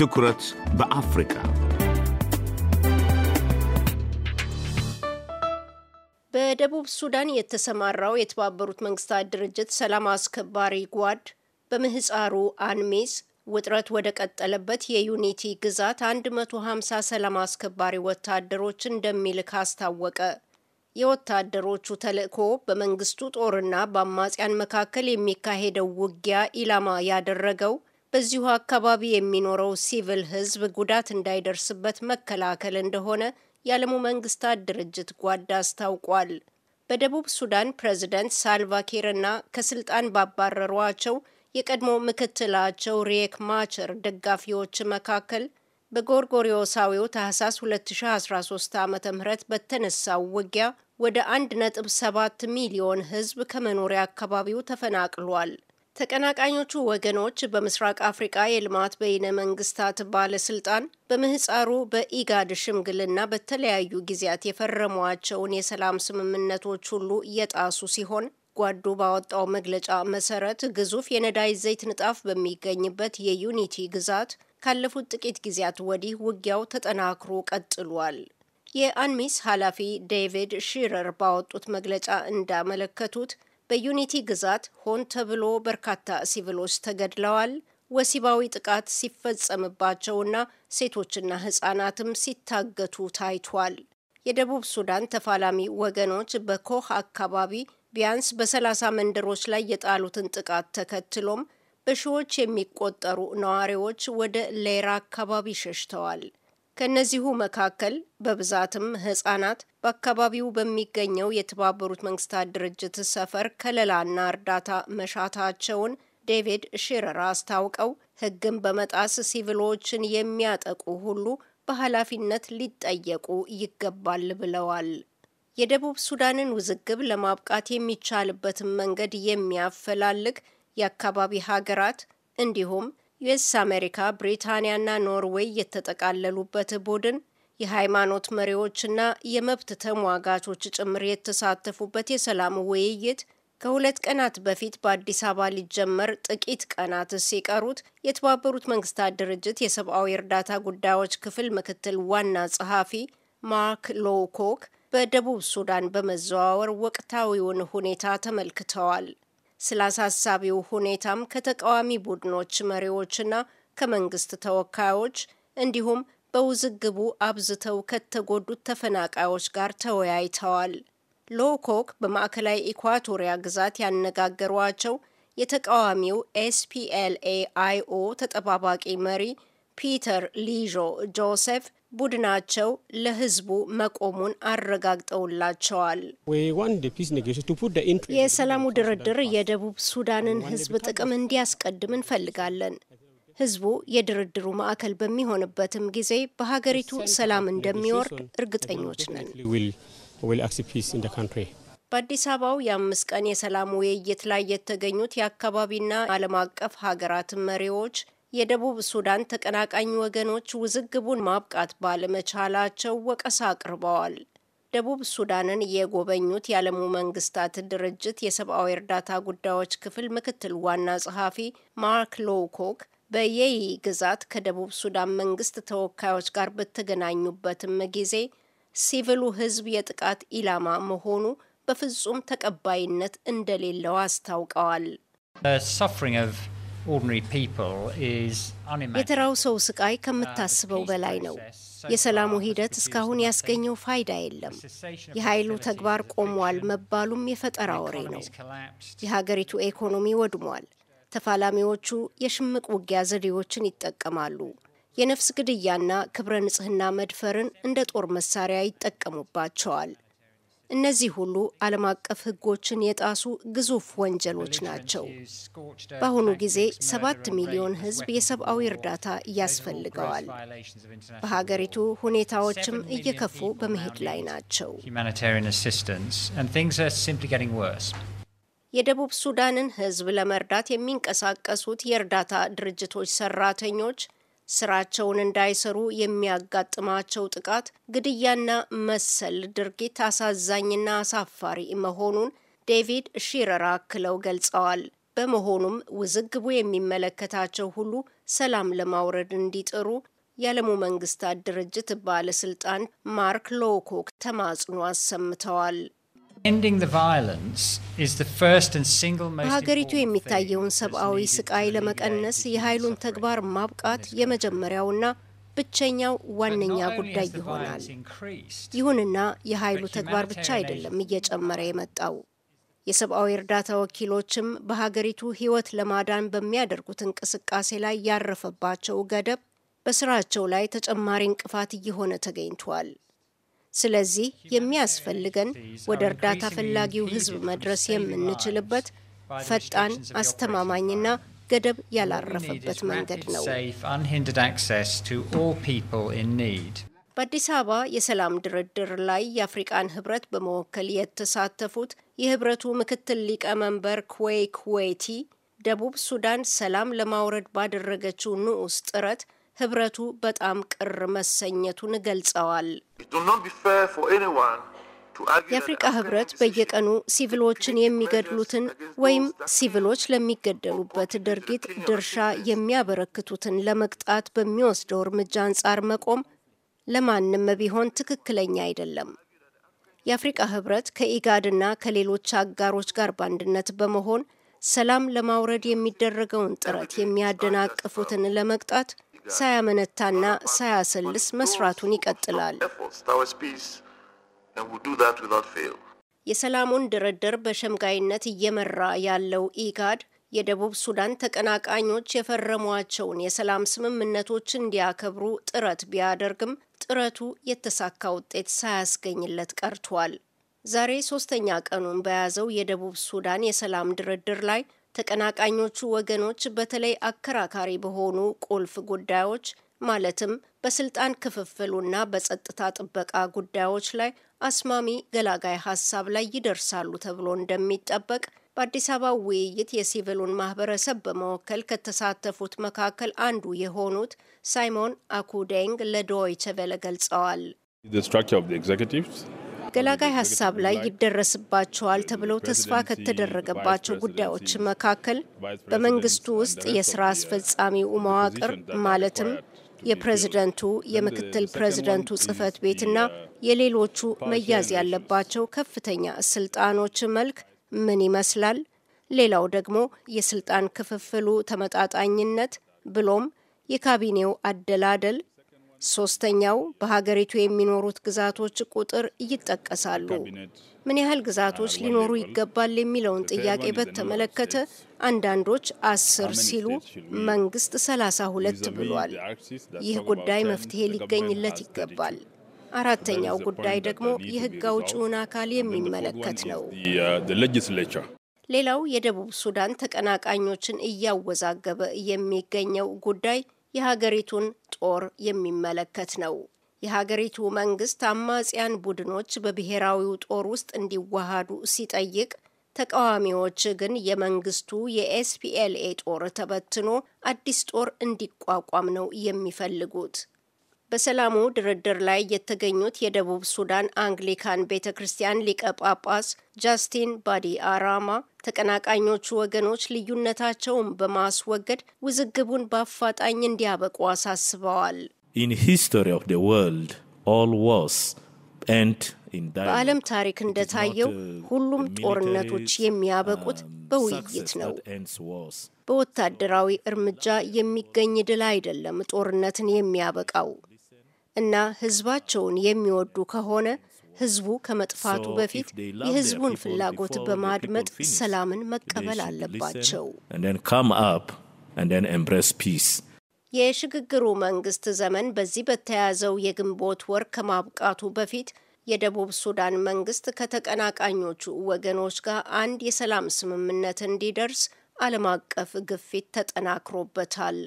ትኩረት በአፍሪካ በደቡብ ሱዳን የተሰማራው የተባበሩት መንግስታት ድርጅት ሰላም አስከባሪ ጓድ በምህፃሩ አንሚስ ውጥረት ወደ ቀጠለበት የዩኒቲ ግዛት 150 ሰላም አስከባሪ ወታደሮች እንደሚልክ አስታወቀ። የወታደሮቹ ተልእኮ በመንግስቱ ጦርና በአማጽያን መካከል የሚካሄደው ውጊያ ኢላማ ያደረገው በዚሁ አካባቢ የሚኖረው ሲቪል ህዝብ ጉዳት እንዳይደርስበት መከላከል እንደሆነ የዓለሙ መንግስታት ድርጅት ጓዳ አስታውቋል። በደቡብ ሱዳን ፕሬዝደንት እና ከስልጣን ባባረሯቸው የቀድሞ ምክትላቸው ሪየክ ማቸር ደጋፊዎች መካከል በጎርጎሪዮሳዊው ታህሳስ 2013 ዓ ም በተነሳው ውጊያ ወደ 1.7 ሚሊዮን ህዝብ ከመኖሪያ አካባቢው ተፈናቅሏል። ተቀናቃኞቹ ወገኖች በምስራቅ አፍሪቃ የልማት በይነ መንግስታት ባለስልጣን በምህፃሩ በኢጋድ ሽምግልና በተለያዩ ጊዜያት የፈረሟቸውን የሰላም ስምምነቶች ሁሉ እየጣሱ ሲሆን ጓዱ ባወጣው መግለጫ መሰረት ግዙፍ የነዳጅ ዘይት ንጣፍ በሚገኝበት የዩኒቲ ግዛት ካለፉት ጥቂት ጊዜያት ወዲህ ውጊያው ተጠናክሮ ቀጥሏል። የአንሚስ ኃላፊ ዴቪድ ሺረር ባወጡት መግለጫ እንዳመለከቱት በዩኒቲ ግዛት ሆን ተብሎ በርካታ ሲቪሎች ተገድለዋል፣ ወሲባዊ ጥቃት ሲፈጸምባቸውና ሴቶችና ህጻናትም ሲታገቱ ታይቷል። የደቡብ ሱዳን ተፋላሚ ወገኖች በኮህ አካባቢ ቢያንስ በሰላሳ መንደሮች ላይ የጣሉትን ጥቃት ተከትሎም በሺዎች የሚቆጠሩ ነዋሪዎች ወደ ሌራ አካባቢ ሸሽተዋል። ከእነዚሁ መካከል በብዛትም ህጻናት በአካባቢው በሚገኘው የተባበሩት መንግስታት ድርጅት ሰፈር ከለላና እርዳታ መሻታቸውን ዴቪድ ሽረር አስታውቀው ህግን በመጣስ ሲቪሎችን የሚያጠቁ ሁሉ በኃላፊነት ሊጠየቁ ይገባል ብለዋል። የደቡብ ሱዳንን ውዝግብ ለማብቃት የሚቻልበትን መንገድ የሚያፈላልግ የአካባቢ ሀገራት እንዲሁም ዩኤስ አሜሪካ፣ ብሪታንያና ኖርዌይ የተጠቃለሉበት ቡድን የሃይማኖት መሪዎችና የመብት ተሟጋቾች ጭምር የተሳተፉበት የሰላም ውይይት ከሁለት ቀናት በፊት በአዲስ አበባ ሊጀመር ጥቂት ቀናት ሲቀሩት የተባበሩት መንግስታት ድርጅት የሰብአዊ እርዳታ ጉዳዮች ክፍል ምክትል ዋና ጸሐፊ ማርክ ሎኮክ በደቡብ ሱዳን በመዘዋወር ወቅታዊውን ሁኔታ ተመልክተዋል። ስለ አሳሳቢው ሁኔታም ከተቃዋሚ ቡድኖች መሪዎችና ከመንግስት ተወካዮች እንዲሁም በውዝግቡ አብዝተው ከተጎዱት ተፈናቃዮች ጋር ተወያይተዋል። ሎኮክ በማዕከላዊ ኢኳቶሪያ ግዛት ያነጋገሯቸው የተቃዋሚው ኤስፒኤልኤ አይኦ ተጠባባቂ መሪ ፒተር ሊዦ ጆሴፍ ቡድናቸው ለህዝቡ መቆሙን አረጋግጠውላቸዋል። የሰላሙ ድርድር የደቡብ ሱዳንን ህዝብ ጥቅም እንዲያስቀድም እንፈልጋለን። ህዝቡ የድርድሩ ማዕከል በሚሆንበትም ጊዜ በሀገሪቱ ሰላም እንደሚወርድ እርግጠኞች ነን። በአዲስ አበባው የአምስት ቀን የሰላም ውይይት ላይ የተገኙት የአካባቢና ዓለም አቀፍ ሀገራት መሪዎች የደቡብ ሱዳን ተቀናቃኝ ወገኖች ውዝግቡን ማብቃት ባለመቻላቸው ወቀሳ አቅርበዋል። ደቡብ ሱዳንን የጎበኙት የዓለሙ መንግስታት ድርጅት የሰብአዊ እርዳታ ጉዳዮች ክፍል ምክትል ዋና ጸሐፊ ማርክ ሎውኮክ በየይ ግዛት ከደቡብ ሱዳን መንግስት ተወካዮች ጋር በተገናኙበትም ጊዜ ሲቪሉ ሕዝብ የጥቃት ኢላማ መሆኑ በፍጹም ተቀባይነት እንደሌለው አስታውቀዋል። የተራው ሰው ስቃይ ከምታስበው uh, በላይ ነው። የሰላሙ ሂደት እስካሁን ያስገኘው ፋይዳ የለም። የኃይሉ ተግባር ቆሟል መባሉም የፈጠራ ወሬ ነው። የሀገሪቱ ኢኮኖሚ ወድሟል። ተፋላሚዎቹ የሽምቅ ውጊያ ዘዴዎችን ይጠቀማሉ። የነፍስ ግድያና ክብረ ንጽህና መድፈርን እንደ ጦር መሳሪያ ይጠቀሙባቸዋል። እነዚህ ሁሉ ዓለም አቀፍ ሕጎችን የጣሱ ግዙፍ ወንጀሎች ናቸው። በአሁኑ ጊዜ ሰባት ሚሊዮን ሕዝብ የሰብአዊ እርዳታ ያስፈልገዋል። በሀገሪቱ ሁኔታዎችም እየከፉ በመሄድ ላይ ናቸው። የደቡብ ሱዳንን ሕዝብ ለመርዳት የሚንቀሳቀሱት የእርዳታ ድርጅቶች ሰራተኞች ስራቸውን እንዳይሰሩ የሚያጋጥማቸው ጥቃት፣ ግድያና መሰል ድርጊት አሳዛኝና አሳፋሪ መሆኑን ዴቪድ ሺረር አክለው ገልጸዋል። በመሆኑም ውዝግቡ የሚመለከታቸው ሁሉ ሰላም ለማውረድ እንዲጥሩ የዓለሙ መንግስታት ድርጅት ባለስልጣን ማርክ ሎኮክ ተማጽኖ አሰምተዋል። በሀገሪቱ የሚታየውን ሰብአዊ ስቃይ ለመቀነስ የኃይሉን ተግባር ማብቃት የመጀመሪያውና ብቸኛው ዋነኛ ጉዳይ ይሆናል። ይሁንና የኃይሉ ተግባር ብቻ አይደለም እየጨመረ የመጣው። የሰብአዊ እርዳታ ወኪሎችም በሀገሪቱ ሕይወት ለማዳን በሚያደርጉት እንቅስቃሴ ላይ ያረፈባቸው ገደብ በስራቸው ላይ ተጨማሪ እንቅፋት እየሆነ ተገኝቷል። ስለዚህ የሚያስፈልገን ወደ እርዳታ ፈላጊው ህዝብ መድረስ የምንችልበት ፈጣን፣ አስተማማኝና ገደብ ያላረፈበት መንገድ ነው። በአዲስ አበባ የሰላም ድርድር ላይ የአፍሪቃን ህብረት በመወከል የተሳተፉት የህብረቱ ምክትል ሊቀመንበር ኩዌይ ኩዌቲ ደቡብ ሱዳን ሰላም ለማውረድ ባደረገችው ንዑስ ጥረት ህብረቱ በጣም ቅር መሰኘቱን ገልጸዋል። የአፍሪቃ ህብረት በየቀኑ ሲቪሎችን የሚገድሉትን ወይም ሲቪሎች ለሚገደሉበት ድርጊት ድርሻ የሚያበረክቱትን ለመቅጣት በሚወስደው እርምጃ አንጻር መቆም ለማንም ቢሆን ትክክለኛ አይደለም። የአፍሪቃ ህብረት ከኢጋድና ከሌሎች አጋሮች ጋር በአንድነት በመሆን ሰላም ለማውረድ የሚደረገውን ጥረት የሚያደናቅፉትን ለመቅጣት ሳያመነታና ሳያሰልስ መስራቱን ይቀጥላል። የሰላሙን ድርድር በሸምጋይነት እየመራ ያለው ኢጋድ የደቡብ ሱዳን ተቀናቃኞች የፈረሟቸውን የሰላም ስምምነቶች እንዲያከብሩ ጥረት ቢያደርግም ጥረቱ የተሳካ ውጤት ሳያስገኝለት ቀርቷል። ዛሬ ሶስተኛ ቀኑን በያዘው የደቡብ ሱዳን የሰላም ድርድር ላይ ተቀናቃኞቹ ወገኖች በተለይ አከራካሪ በሆኑ ቁልፍ ጉዳዮች ማለትም በስልጣን ክፍፍሉና በጸጥታ ጥበቃ ጉዳዮች ላይ አስማሚ ገላጋይ ሀሳብ ላይ ይደርሳሉ ተብሎ እንደሚጠበቅ በአዲስ አበባ ውይይት የሲቪሉን ማህበረሰብ በመወከል ከተሳተፉት መካከል አንዱ የሆኑት ሳይሞን አኩዴንግ ለዶይቸ ቬለ ገልጸዋል። በአገላጋይ ሀሳብ ላይ ይደረስባቸዋል ተብለው ተስፋ ከተደረገባቸው ጉዳዮች መካከል በመንግስቱ ውስጥ የስራ አስፈጻሚው መዋቅር ማለትም የፕሬዝደንቱ፣ የምክትል ፕሬዝደንቱ ጽህፈት ቤትና የሌሎቹ መያዝ ያለባቸው ከፍተኛ ስልጣኖች መልክ ምን ይመስላል፣ ሌላው ደግሞ የስልጣን ክፍፍሉ ተመጣጣኝነት ብሎም የካቢኔው አደላደል ሶስተኛው በሀገሪቱ የሚኖሩት ግዛቶች ቁጥር ይጠቀሳሉ። ምን ያህል ግዛቶች ሊኖሩ ይገባል የሚለውን ጥያቄ በተመለከተ አንዳንዶች አስር ሲሉ መንግስት ሰላሳ ሁለት ብሏል። ይህ ጉዳይ መፍትሄ ሊገኝለት ይገባል። አራተኛው ጉዳይ ደግሞ የህግ አውጭውን አካል የሚመለከት ነው። ሌላው የደቡብ ሱዳን ተቀናቃኞችን እያወዛገበ የሚገኘው ጉዳይ የሀገሪቱን ጦር የሚመለከት ነው። የሀገሪቱ መንግስት አማጽያን ቡድኖች በብሔራዊው ጦር ውስጥ እንዲዋሃዱ ሲጠይቅ ተቃዋሚዎች ግን የመንግስቱ የኤስፒኤልኤ ጦር ተበትኖ አዲስ ጦር እንዲቋቋም ነው የሚፈልጉት። በሰላሙ ድርድር ላይ የተገኙት የደቡብ ሱዳን አንግሊካን ቤተ ክርስቲያን ሊቀ ጳጳስ ጃስቲን ባዲ አራማ ተቀናቃኞቹ ወገኖች ልዩነታቸውን በማስወገድ ውዝግቡን በአፋጣኝ እንዲያበቁ አሳስበዋል። በዓለም ታሪክ እንደታየው ሁሉም ጦርነቶች የሚያበቁት um, በውይይት ነው። በወታደራዊ እርምጃ የሚገኝ ድል አይደለም ጦርነትን የሚያበቃው። እና ህዝባቸውን የሚወዱ ከሆነ ህዝቡ ከመጥፋቱ በፊት የህዝቡን ፍላጎት በማድመጥ ሰላምን መቀበል አለባቸው። የሽግግሩ መንግስት ዘመን በዚህ በተያዘው የግንቦት ወር ከማብቃቱ በፊት የደቡብ ሱዳን መንግስት ከተቀናቃኞቹ ወገኖች ጋር አንድ የሰላም ስምምነት እንዲደርስ ዓለም አቀፍ ግፊት ተጠናክሮበታል።